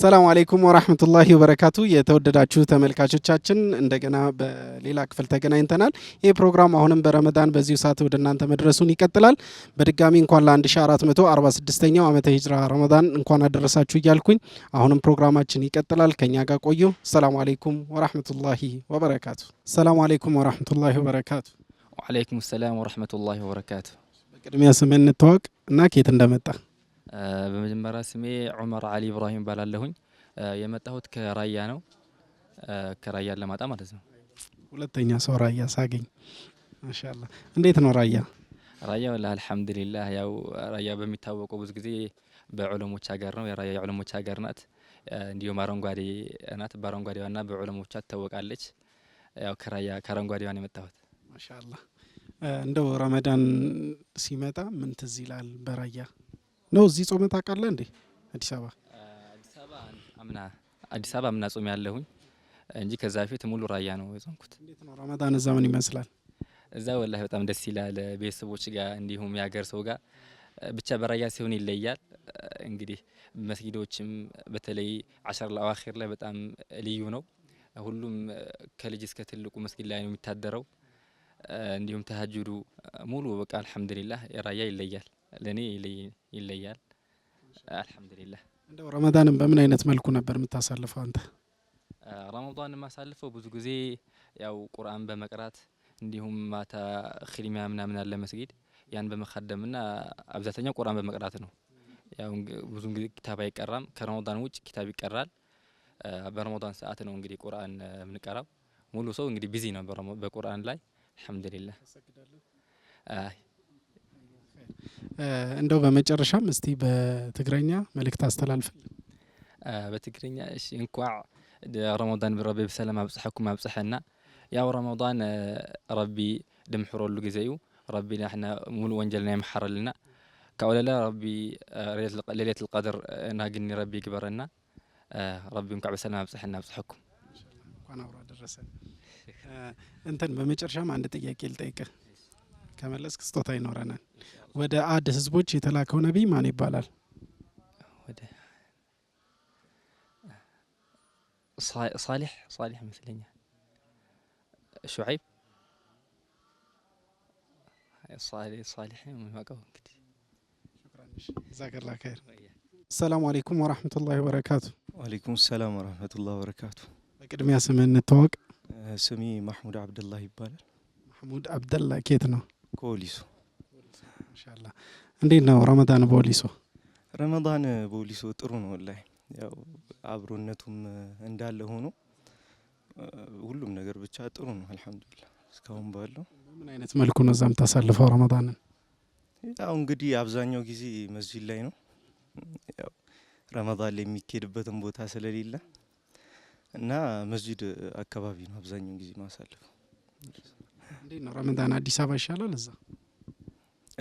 ሰላም አሌይኩም ወራህመቱላሂ ወበረካቱ። የተወደዳችሁ ተመልካቾቻችን እንደገና በሌላ ክፍል ተገናኝተናል። ይህ ፕሮግራም አሁንም በረመዳን በዚሁ ሰዓት ወደ እናንተ መድረሱን ይቀጥላል። በድጋሚ እንኳን ለ1446ኛው ዓመተ ሂጅራ ረመዳን እንኳን አደረሳችሁ እያልኩኝ አሁንም ፕሮግራማችን ይቀጥላል። ከኛ ጋር ቆዩ። ሰላም አሌይኩም ወራህመቱላሂ ወበረካቱ። ሰላም አሌይኩም ወራህመቱላሂ ወበረካቱ። ወአሌይኩም ሰላም ወራህመቱላሂ ወበረካቱ። በቅድሚያ ስምህን እንተዋወቅ እና ኬት እንደመጣ በመጀመሪያ ስሜ ዑመር አሊ ኢብራሂም ባላለሁኝ የመጣሁት ከራያ ነው። ከራያ ለማጣ ማለት ነው። ሁለተኛ ሰው ራያ ሳገኝ ማሻላ። እንዴት ነው ራያ? ራያ ወላ አልሐምዱሊላህ። ያው ራያ በሚታወቀው ብዙ ጊዜ በዑለሞች ሀገር ነው። የራያ የዑለሞች ሀገር ናት። እንዲሁም አረንጓዴ ናት። በአረንጓዴዋና በዑለሞቿ ትታወቃለች። ያው ከራያ ከአረንጓዴዋን የመጣሁት ማሻላ። እንደው ረመዳን ሲመጣ ምን ትዝ ይላል በራያ? ነው እዚህ ጾመ ታውቃለህ እንዴ? አዲስ አበባ አዲስ አበባ አምና ጾም ያለሁኝ እንጂ ከዛ በፊት ሙሉ ራያ ነው የጾምኩት። እንዴት ነው ረመዳን እዛ ምን ይመስላል? እዛ ወላሂ በጣም ደስ ይላል። ቤተሰቦች ጋር እንዲሁም የሀገር ሰው ጋር ብቻ በራያ ሲሆን ይለያል። እንግዲህ መስጊዶችም በተለይ አሸር ለአዋኺር ላይ በጣም ልዩ ነው። ሁሉም ከልጅ እስከ ትልቁ መስጊድ ላይ ነው የሚታደረው። እንዲሁም ተሀጅዱ ሙሉ በቃ አልሐምዱሊላህ የራያ ይለያል። ለእኔ ይለያል። አልሐምዱሊላህ። እንደው ረመዳንን በምን አይነት መልኩ ነበር የምታሳልፈው አንተ? ረመዳን የማሳልፈው ብዙ ጊዜ ያው ቁርአን በመቅራት እንዲሁም ማታ ክሊሚያ ምናምን አለ መስጊድ ያን ና አብዛተኛው ቁርአን በመቅራት ነው። ያው ብዙ ጊዜ ኪታብ አይቀራም። ከረመዳን ውጭ ኪታብ ይቀራል። በረመዳን ሰዓት ነው እንግዲህ ቁርአን የምንቀራው። ሙሉ ሰው እንግዲህ ቢዚ ነው በቁርአን ላይ አልሐምዱሊላህ። እንደው በመጨረሻም እስቲ በትግረኛ መልእክት አስተላልፍልን። በትግርኛ እሺ እንኳዕ ረመዳን ብረቢ ብሰላም ኣብፅሐኩም ኣብፅሐና ያው ረመዳን ረቢ ድምሕረሉ ግዜ እዩ ረቢ ንሕና ሙሉእ ወንጀልና ይምሓረልና ካብኡ ለለ ረቢ ሌሌት ልቀድር ናግኒ ረቢ ይግበረና ረቢ እንኳዕ ብሰላም ኣብፅሐና ኣብፅሐኩም እንኳን አብሮ አደረሰን። እንትን በመጨረሻም አንድ ጥያቄ ልጠይቅህ። ከመለስክ ስጦታ ይኖረናል። ወደ አድ ህዝቦች የተላከው ነቢይ ማን ይባላል? ሳሌሕ ሳሌሕ ይመስለኛል። ሹዐይብ ሳሌሕ የማውቀው እንግዲህ። ዛከላ ኸይር። አሰላሙ አሌይኩም ወረህመቱላህ ወበረካቱ። ወአሌይኩም ሰላም ወረህመቱላህ ወበረካቱ። በቅድሚያ ስምህን እንተዋወቅ። ስሜ ማህሙድ አብደላህ ይባላል። ማህሙድ አብደላህ ኬት ነው? ከወሊሶ ኢንሻላ። እንዴት ነው ረመዳን በወሊሶ? ረመዳን በወሊሶ ጥሩ ነው። ላይ ያው አብሮነቱም እንዳለ ሆኖ ሁሉም ነገር ብቻ ጥሩ ነው። አልሐምዱሊላ እስካሁን ባለው ምን አይነት መልኩ ነው እዛ የምታሳልፈው ረመዳንን? ያው እንግዲህ አብዛኛው ጊዜ መስጂድ ላይ ነው። ያው ረመዳን ላይ የሚካሄድበትን ቦታ ስለሌለ እና መስጂድ አካባቢ ነው አብዛኛውን ጊዜ ማሳልፈው። እንዴት ነው ረመዳን አዲስ አበባ ይሻላል? እዛ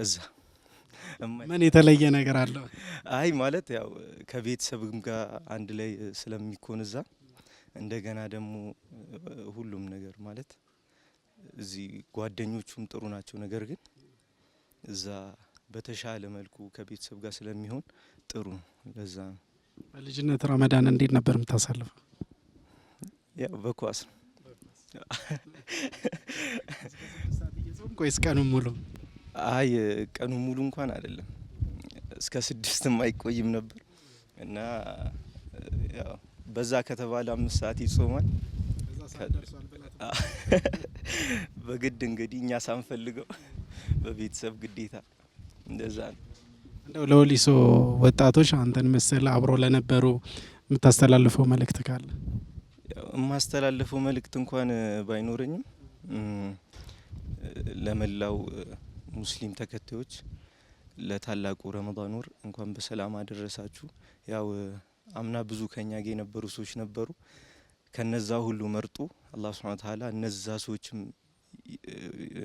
እዛ ምን የተለየ ነገር አለው? አይ ማለት ያው ከቤተሰብም ጋር አንድ ላይ ስለሚኮን እዛ እንደገና ደግሞ ሁሉም ነገር ማለት እዚህ ጓደኞቹም ጥሩ ናቸው። ነገር ግን እዛ በተሻለ መልኩ ከቤተሰብ ጋር ስለሚሆን ጥሩ ነው። ለዛ ነው። በልጅነት ረመዳን እንዴት ነበር የምታሳልፈው? ያው በኳስ ነው። ወይስ ቀኑን ሙሉ? አይ ቀኑ ሙሉ እንኳን አይደለም እስከ ስድስትም አይቆይም ነበር እና በዛ ከተባለ አምስት ሰዓት ይጾማል። በግድ እንግዲህ እኛ ሳንፈልገው በቤተሰብ ግዴታ እንደዛ ነው። እንደው ለወሊሶ ወጣቶች አንተን መሰል አብሮ ለነበሩ የምታስተላልፈው መልእክት ካለ? የማስተላልፈው መልእክት እንኳን ባይኖረኝም ለመላው ሙስሊም ተከታዮች ለታላቁ ረመዳን ወር እንኳን በሰላም አደረሳችሁ። ያው አምና ብዙ ከኛ ጋር የነበሩ ሰዎች ነበሩ። ከነዛ ሁሉ መርጦ አላህ ሱብሓነሁ ወተዓላ እነዛ ሰዎችም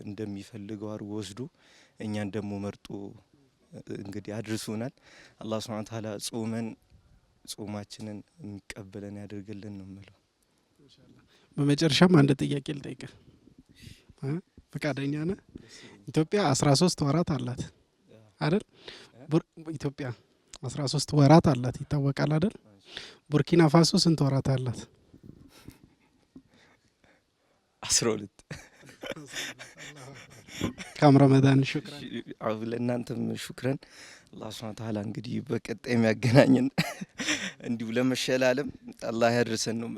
እንደሚፈልገው አድርጎ ወስዶ እኛን ደግሞ መርጦ እንግዲህ አድርሶናል። አላህ ሱብሓነሁ ወተዓላ ጾመን ጾማችንን የሚቀበለን ያደርግልን ነው የምለው። በመጨረሻም አንድ ጥያቄ ልጠይቅህ። ፈቃደኛ ነህ? ኢትዮጵያ አስራ ሶስት ወራት አላት አይደል? ኢትዮጵያ አስራ ሶስት ወራት አላት ይታወቃል አይደል? ቡርኪና ፋሶ ስንት ወራት አላት? አስራ ሁለት ካም ረመዳን ሹክራን ለእናንተም ሹክረን አላህ ስብሃነ ተዓላ እንግዲህ በቀጣይ የሚያገናኝን እንዲሁ ለመሸላለም አላህ ያድርሰን ነው።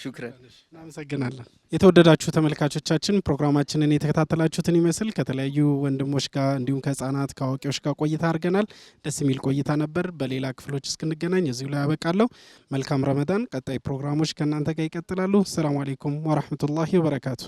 ሹክረን፣ እናመሰግናለን። የተወደዳችሁ ተመልካቾቻችን ፕሮግራማችንን የተከታተላችሁትን ይመስል ከተለያዩ ወንድሞች ጋር እንዲሁም ከህጻናት ከአዋቂዎች ጋር ቆይታ አድርገናል። ደስ የሚል ቆይታ ነበር። በሌላ ክፍሎች እስክንገናኝ እዚሁ ላይ ያበቃለሁ። መልካም ረመዳን። ቀጣይ ፕሮግራሞች ከእናንተ ጋር ይቀጥላሉ። ሰላሙ አሌይኩም ወረህመቱላሂ ወበረካቱ።